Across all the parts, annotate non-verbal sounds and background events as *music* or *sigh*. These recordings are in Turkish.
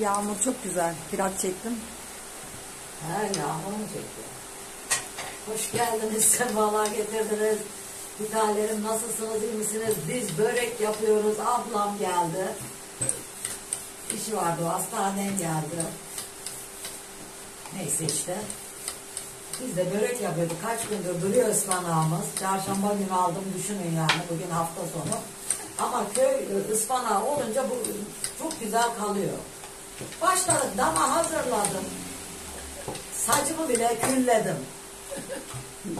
Yağmur çok güzel. Biraz çektim. Ha yağmur mu çekiyor? Hoş geldiniz, *laughs* sefalar getirdiniz. İtalyanım nasılsınız, iyi misiniz? Biz börek yapıyoruz. Ablam geldi. İşi vardı, hastaneye geldi. Neyse işte. Biz de börek yapıyorduk. Kaç gündür duruyor ıspanağımız. Çarşamba günü aldım düşünün yani. Bugün hafta sonu. Ama köy ıspanağı olunca bu çok güzel kalıyor. Başları dama hazırladım. Saçımı bile külledim.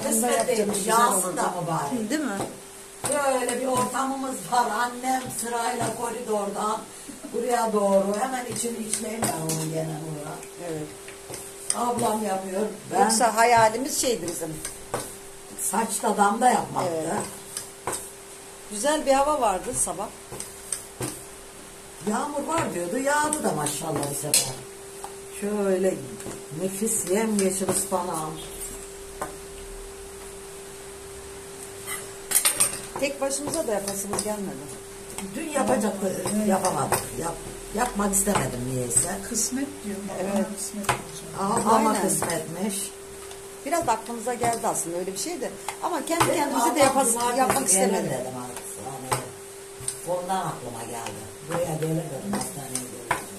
Kısmetliymiş yağsın da mübarek. Değil mi? Böyle bir ortamımız var. Annem sırayla koridordan buraya doğru. Hemen içini içmeyeyim ben onu gene buraya. Evet. Ablam yapıyor. Ben Yoksa hayalimiz şeydi bizim. Saç da damda yapmaktı. Evet. Güzel bir hava vardı sabah. Yağmur var diyordu. Yağdı da maşallah bir sefer. Şöyle nefis yemyeşil ıspanağım. Tek başımıza da yapasımız gelmedi. Dün yapacaktı, evet. yapamadık. Yap, yapmak istemedim niyeyse. Kısmet diyor. Evet. Kısmet Aa, ama kısmetmiş. Biraz aklımıza geldi aslında öyle bir şeydi. Ama kendi kendimize de yapas, yapmak istemedim. Dedim artık. ondan aklıma geldi. Veya devlet adına hastaneye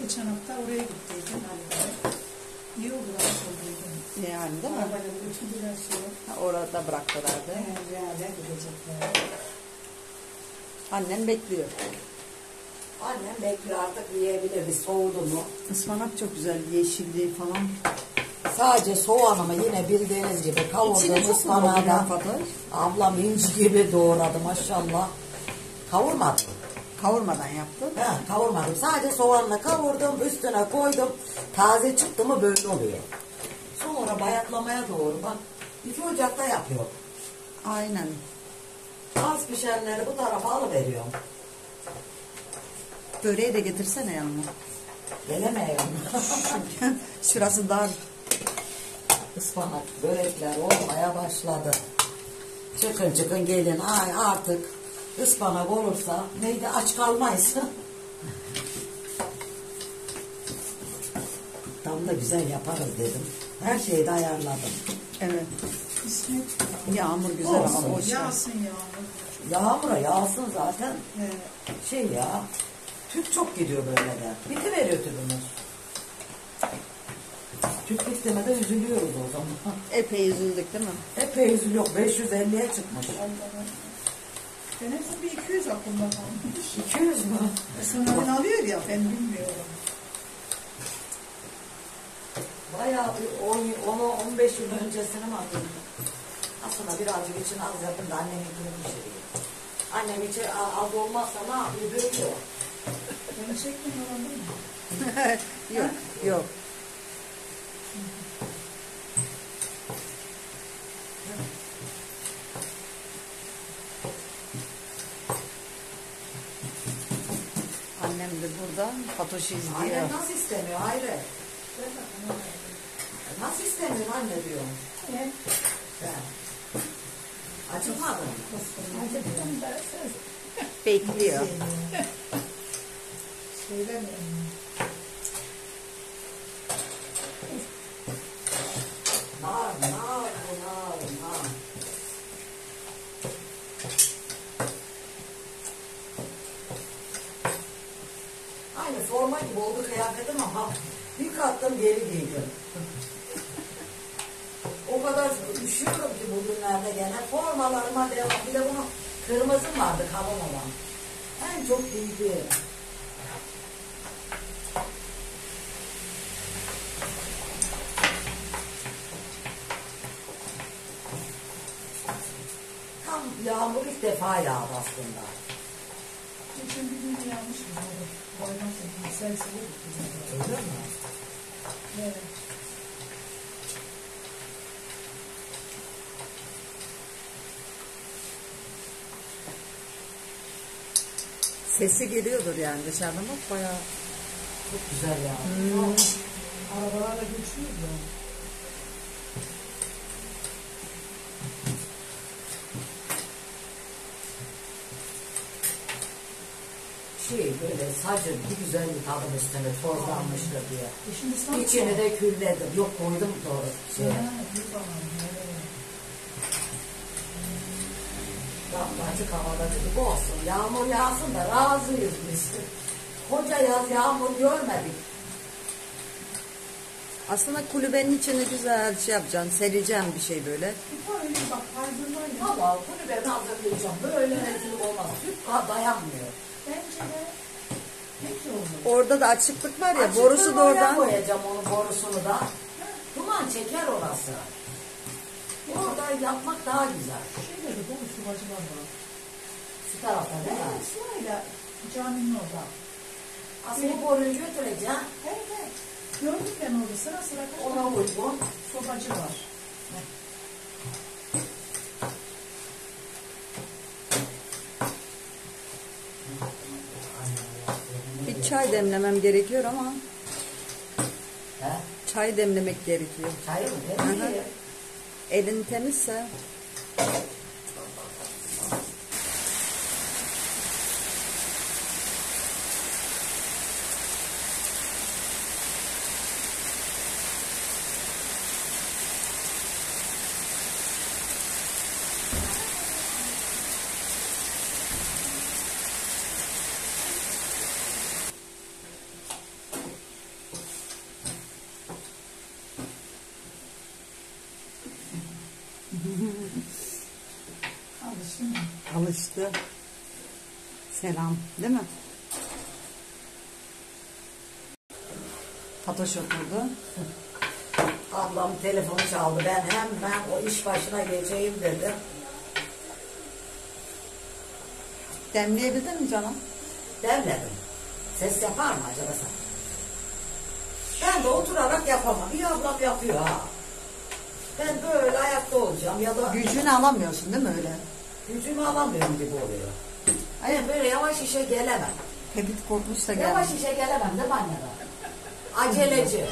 Geçen hafta oraya gittiydim. Hani iyi oldu ben söyledim. Yani değil mi? Arabayla götürdüler sonra. Ha, orada bıraktılardı. Evet, yani gidecekler. Annem bekliyor. Annem bekliyor artık yiyebilir. Bir soğudu mu? Ispanak çok güzel yeşilliği falan. Sadece soğan yine bildiğiniz gibi kavurdum ıspanağdan. Ablam inci gibi doğradı maşallah. Kavurmadım. Kavurmadan yaptım. Ha, kavurmadım. Sadece soğanla kavurdum, üstüne koydum. Taze çıktı mı böyle oluyor. Sonra bayatlamaya doğru bak. İki ocakta yapıyor. Aynen. Az pişenleri bu tarafa alıveriyorum. Böreği de getirsene yanına. Gelemeyen. *laughs* Şurası dar. Ispanak börekler olmaya başladı. Çıkın çıkın gelin. Ay artık ıspanak olursa neydi aç kalmayız. *laughs* Tam da güzel yaparız dedim. Her şeyi de ayarladım. Evet. İsmet. Yağmur güzel Olsun. ama boş Yağsın yağmur. Yağmura yağsın zaten. Evet. Şey ya. Tüp çok gidiyor böyle de. Bitiveriyor tüpümüz. Tüp bitmeden üzülüyoruz o zaman. Epey üzüldük değil mi? Epey üzülüyor. 550'ye çıkmış. Allah'ım. Ben en son bir 200 aklımda kalmış. 200 mü? E, sonradan alıyor ya ben bilmiyorum. Bayağı bir 10, 10 15 yıl öncesine mi atıyorum? Aslında birazcık için az yapın da annemin günü içeriye. Annem içeri az olmazsa ne yapıyor? Dövüyor. Ben çekmiyorum değil mi? yok, yok. burada. Fatoş'u izliyor. Anne nasıl istemiyor Hayri? Nasıl istemiyor anne diyor. Evet. mı? Acıdım da Bekliyor. Söylemiyorum. Şey bollu kıyafet ama halk bir kattım geri giydim. o kadar üşüyorum ki bugünlerde gene formalarıma devam. Bir de bunun kırmızı vardı kalın olan. En çok giydiğim. Tam yağmur ilk defa yağdı aslında. Geçen bir gün yağmış mı? koymazsın. Sen sizi Öyle mi? Evet. Sesi geliyordur yani dışarıdan bak bayağı. Çok güzel ya. Hmm. Arabalarla geçiyor ya. şey böyle sadece bir güzel bir tadım istedi tozlanmıştır diye. E şimdi sen İçini de külledim. Yok koydum doğru. Şey. Ha, Lambacık havadacık olsun. Yağmur yağsın da razıyız biz. Koca yaz yağmur görmedik. Aslında kulübenin içine güzel şey yapacaksın, sereceğim bir şey böyle. E böyle bak, kaydırmayın Tamam, kulübeni hazırlayacağım. Böyle rezil olmaz. Süt dayanmıyor. Orada da açıklık var ya açıklık borusu da oradan. koyacağım onu borusunu da. Duman çeker orası. Orada yapmak daha güzel. Şeyleri bu Müslümancılar var. Şu tarafta değil mi? Evet, şöyle caminin orada. Aslında bu boruyu götüreceğim. Evet, evet. Gördük ben orada sıra sıra. Ona uygun. Sobacı var. çay demlemem gerekiyor ama He? çay demlemek gerekiyor. Çay mı? Elin temizse Alıştı mı? Alıştı. Selam değil mi? Fatoş oturdu. Ablam telefonu çaldı. Ben hem ben o iş başına geçeyim dedim. Demleyebildin mi canım? Demledim. Ses yapar mı acaba sen? Ben de oturarak yapamam. İyi ablam yapıyor ha. Ben böyle ayakta olacağım ya da Gücünü alamıyorsun değil mi öyle? gücümü alamıyorum gibi oluyor. Hayır böyle yavaş işe gelemem. Hepit korkmuşsa gelmiş. Yavaş işe gelemem de banyada. Aceleci.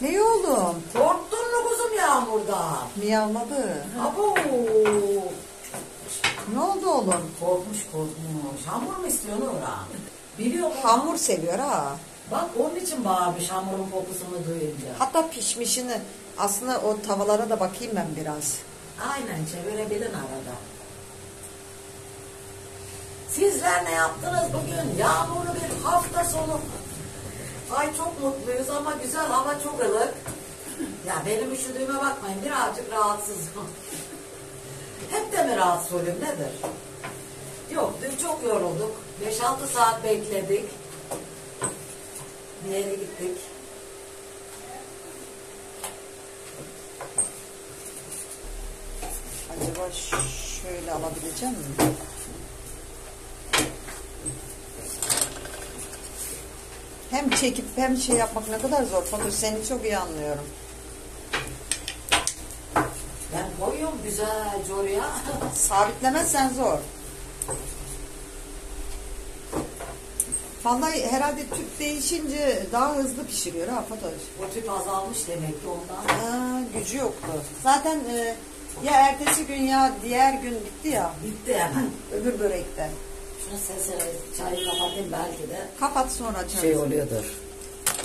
Ne oğlum? Korktun mu kuzum yağmurdan? Miyavladı. Abu. Ne oldu oğlum? Korkmuş korkmuş. Hamur mu istiyorsun Orhan? Biliyor musun? Hamur seviyor ha. Bak onun için bağırmış hamurun kokusunu duyunca. Hatta pişmişini aslında o tavalara da bakayım ben biraz. Aynen çevirebilin arada. Sizler ne yaptınız bugün? Yağmurlu bir hafta sonu. Ay çok mutluyuz ama güzel hava çok ılık. Ya benim üşüdüğüme bakmayın birazcık rahatsızım. Hep de mi rahatsız olayım nedir? Yok dün çok yorulduk. 5-6 saat bekledik. Nereye gittik. Acaba şöyle alabileceğim mi? Hem çekip hem şey yapmak ne kadar zor. Fakat seni çok iyi anlıyorum. Ben koyuyorum güzelce oraya. Sabitlemezsen zor. Vallahi herhalde tüp değişince daha hızlı pişiriyor ha Fatoş. O tüp azalmış demek ki ondan. Ha, gücü yoktu. Zaten e, ya ertesi gün ya diğer gün bitti ya. Bitti hemen. Öbür börekte. Şunu sen çayı kapatayım belki de. Kapat sonra çayı. Şey oluyordur.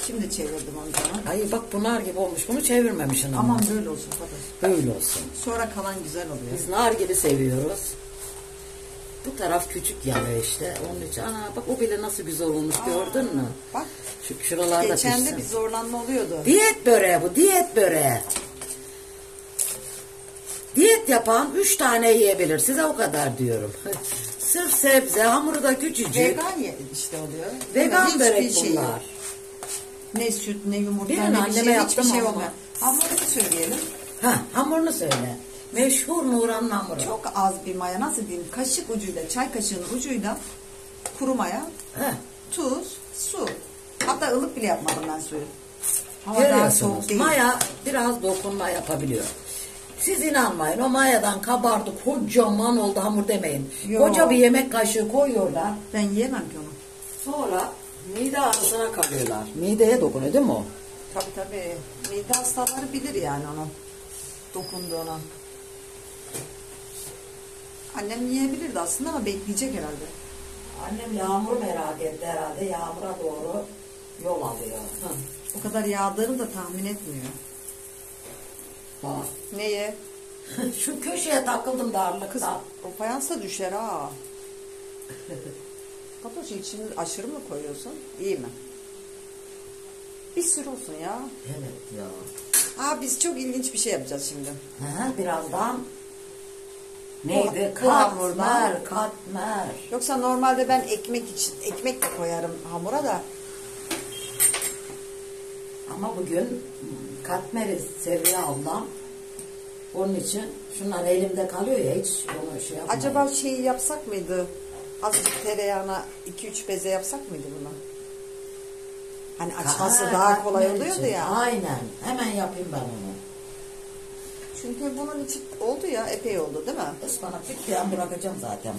Şimdi çevirdim onu zaman. Hayır bak bunar gibi olmuş. Bunu çevirmemişsin ama. Aman böyle olsun Fatoş. Böyle olsun. Sonra kalan güzel oluyor. Biz nar gibi seviyoruz. Bu taraf küçük yanıyor işte. Onun için ana bak o bile nasıl güzel olmuş Aa, gördün mü? Bak. Şu şuralarda Geçen pişsin. de bir zorlanma oluyordu. Diyet böreği bu diyet böreği. Diyet yapan üç tane yiyebilir. Size o kadar diyorum. *laughs* Sırf sebze, hamuru da küçücük. Vegan işte oluyor. Vegan börek şey bunlar. Yok. Ne süt, ne yumurta, ne bir şey, hiçbir şey olmuyor. Hamurunu söyleyelim. Ha, hamurunu söyle. Meşhur Nuran Namura. Çok az bir maya nasıl diyeyim? Kaşık ucuyla, çay kaşığının ucuyla kuru maya, Heh. tuz, su. Hatta ılık bile yapmadım ben suyu. Ama daha soğuk değil. Maya biraz dokunma yapabiliyor. Siz inanmayın o mayadan kabardı kocaman oldu hamur demeyin. Yo. Koca bir yemek kaşığı koyuyorlar. Ben yiyemem ki onu. Sonra mide ağrısına kalıyorlar. Mideye dokunuyor değil mi o? Tabii tabii. Mide hastaları bilir yani onu. Dokunduğunu. Annem yiyebilirdi aslında ama bekleyecek herhalde. Annem yağmur merak etti herhalde. Yağmura doğru yol alıyor. Hı. O kadar yağdığını da tahmin etmiyor. Bak. Neye? *laughs* Şu köşeye takıldım darlıktan. Kız o fayansa düşer ha. Katoş *laughs* içini aşırı mı koyuyorsun? İyi mi? Bir sürü olsun ya. Evet ya. Aa, biz çok ilginç bir şey yapacağız şimdi. Hı hı, birazdan Neydi? Katmer, katmer. Yoksa normalde ben ekmek için ekmek de koyarım hamura da. Ama bugün katmeri seviyor ablam. Onun için şunlar elimde kalıyor ya hiç onu şey yapmayayım. Acaba şeyi yapsak mıydı? Azıcık tereyağına 2-3 beze yapsak mıydı bunu? Hani açması ha, daha kolay oluyordu için. ya. Aynen. Hemen yapayım ben onu. Çünkü bunun için oldu ya epey oldu değil mi? Ispanak bitkiyen bırakacağım zaten.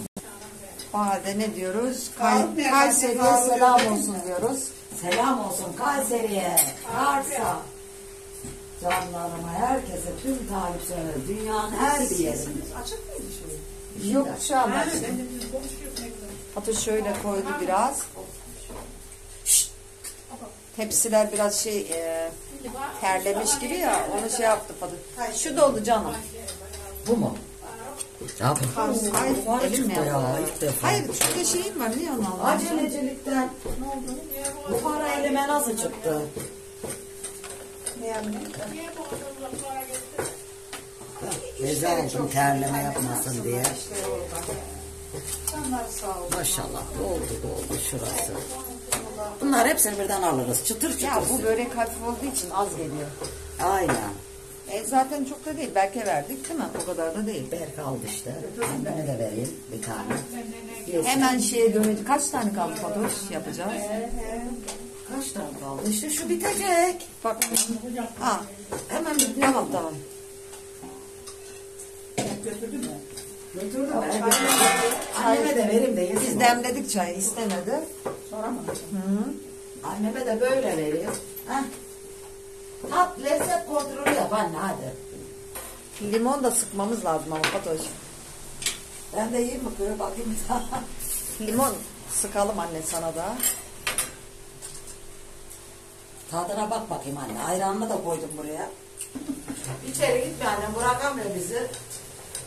O halde ne diyoruz? Kay Kayseri'ye selam olsun diyoruz. Selam olsun Kayseri'ye, Kars'a, canlarıma, herkese, tüm takipçilere, dünyanın her bir yerine. Açık mıydı şöyle? Yok şu an ben- Hatta şöyle koydu biraz tepsiler biraz şey e, terlemiş gibi ya onu şey yaptı falan. Şu doldu canım. Bu mu? Ne bu Hayır, Hayır elim ya. ya. Hayır şurada şeyim var niye onu aldın? Acelecilikten. Ne oldu? Bu para elime nasıl çıktı? Ne yani? Reza terleme yapmasın diye. Maşallah doldu doldu şurası. Bunları hepsini birden alırız. Çıtır çıtır. Ya bu börek hafif olduğu için az geliyor. Aynen. E zaten çok da değil. Belki verdik değil mi? O kadar da değil. Berk aldı işte. Ben de vereyim bir tane. Hemen şeye dönüyoruz. Kaç tane kaldı Fatoş yapacağız? Kaç tane kaldı? İşte şu bitecek. Bak. Ha. Hemen bir Tamam tamam. Götürdün mü? Götürdüm. Anneme de vereyim de yesin. Biz demledik çayı istemedi kavuramadım. Hı. Anneme de böyle vereyim. Heh. Tat lezzet kontrolü yap anne Limon da sıkmamız lazım ama Fatoş. Ben de yiyeyim bakıyorum bakayım sana. Limon sıkalım anne sana da. Tadına bak bakayım anne. Ayranını da koydum buraya. İçeri gitme anne. Bırakamıyor bizi.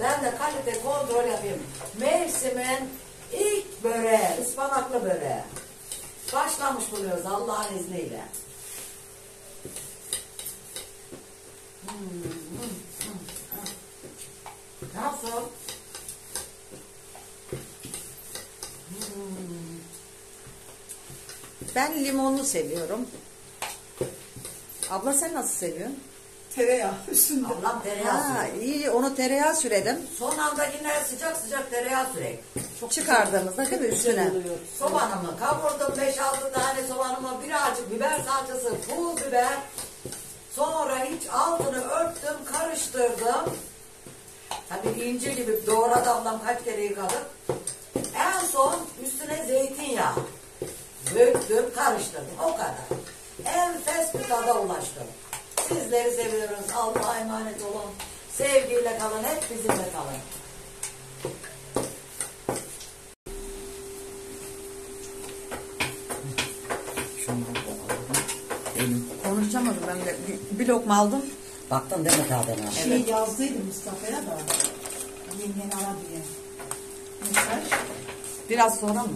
Ben de kalite kontrol yapayım. Mevsimin ilk böreği. ıspanaklı böreği başlamış buluyoruz Allah'ın izniyle. Hmm, hmm, hmm, nasıl? Ben limonlu seviyorum. Abla sen nasıl seviyorsun? Tereyağı üstünde. Ablam tereyağı. Ha, iyi onu tereyağı süredim. Son anda yine sıcak sıcak tereyağı sürek çok çıkardığımızda değil mi üstüne? Soğanımı kavurdum 5-6 tane soğanımı birazcık biber salçası, pul biber. Sonra hiç altını örttüm, karıştırdım. Tabi inci gibi doğradı ablam kaç kere yıkadık. En son üstüne zeytinyağı döktüm, karıştırdım. O kadar. Enfes bir tada ulaştım. Sizleri seviyoruz. Allah'a emanet olun. Sevgiyle kalın. Hep bizimle kalın. lokma aldım. Baktın değil mi tadına? Şey evet. Mustafa'ya da. Yengen ara diye. Mesaj. Biraz sonra mı?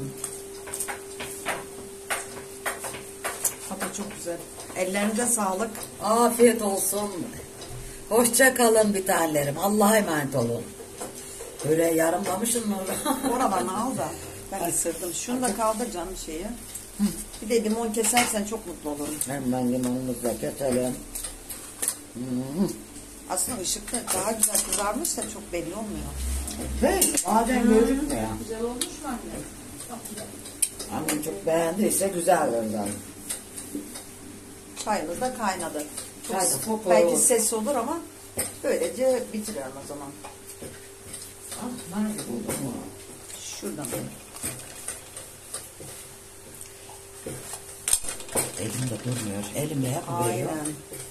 Hatta çok güzel. Ellerinize sağlık. Afiyet olsun. Hoşça kalın biterlerim. Allah'a emanet olun. Böyle yarımlamışım mı? *laughs* Ona bana al da. Ben ısırdım. Şunu da kaldır canım şeyi. Bir de limon kesersen çok mutlu olurum. Hemen limonumuzu da keselim. Hmm. Aslında ışıkta daha güzel kızarmış da çok belli olmuyor. Hey, bazen ya? Güzel olmuş mu anne? Annem çok beğendiyse güzel zaten. Çayımız da kaynadı. Çok Çay da popol. belki ses olur ama böylece bitiriyorum o zaman. Ah, nerede buldum Şuradan. Elimde durmuyor. Elimle yapıveriyor. Aynen.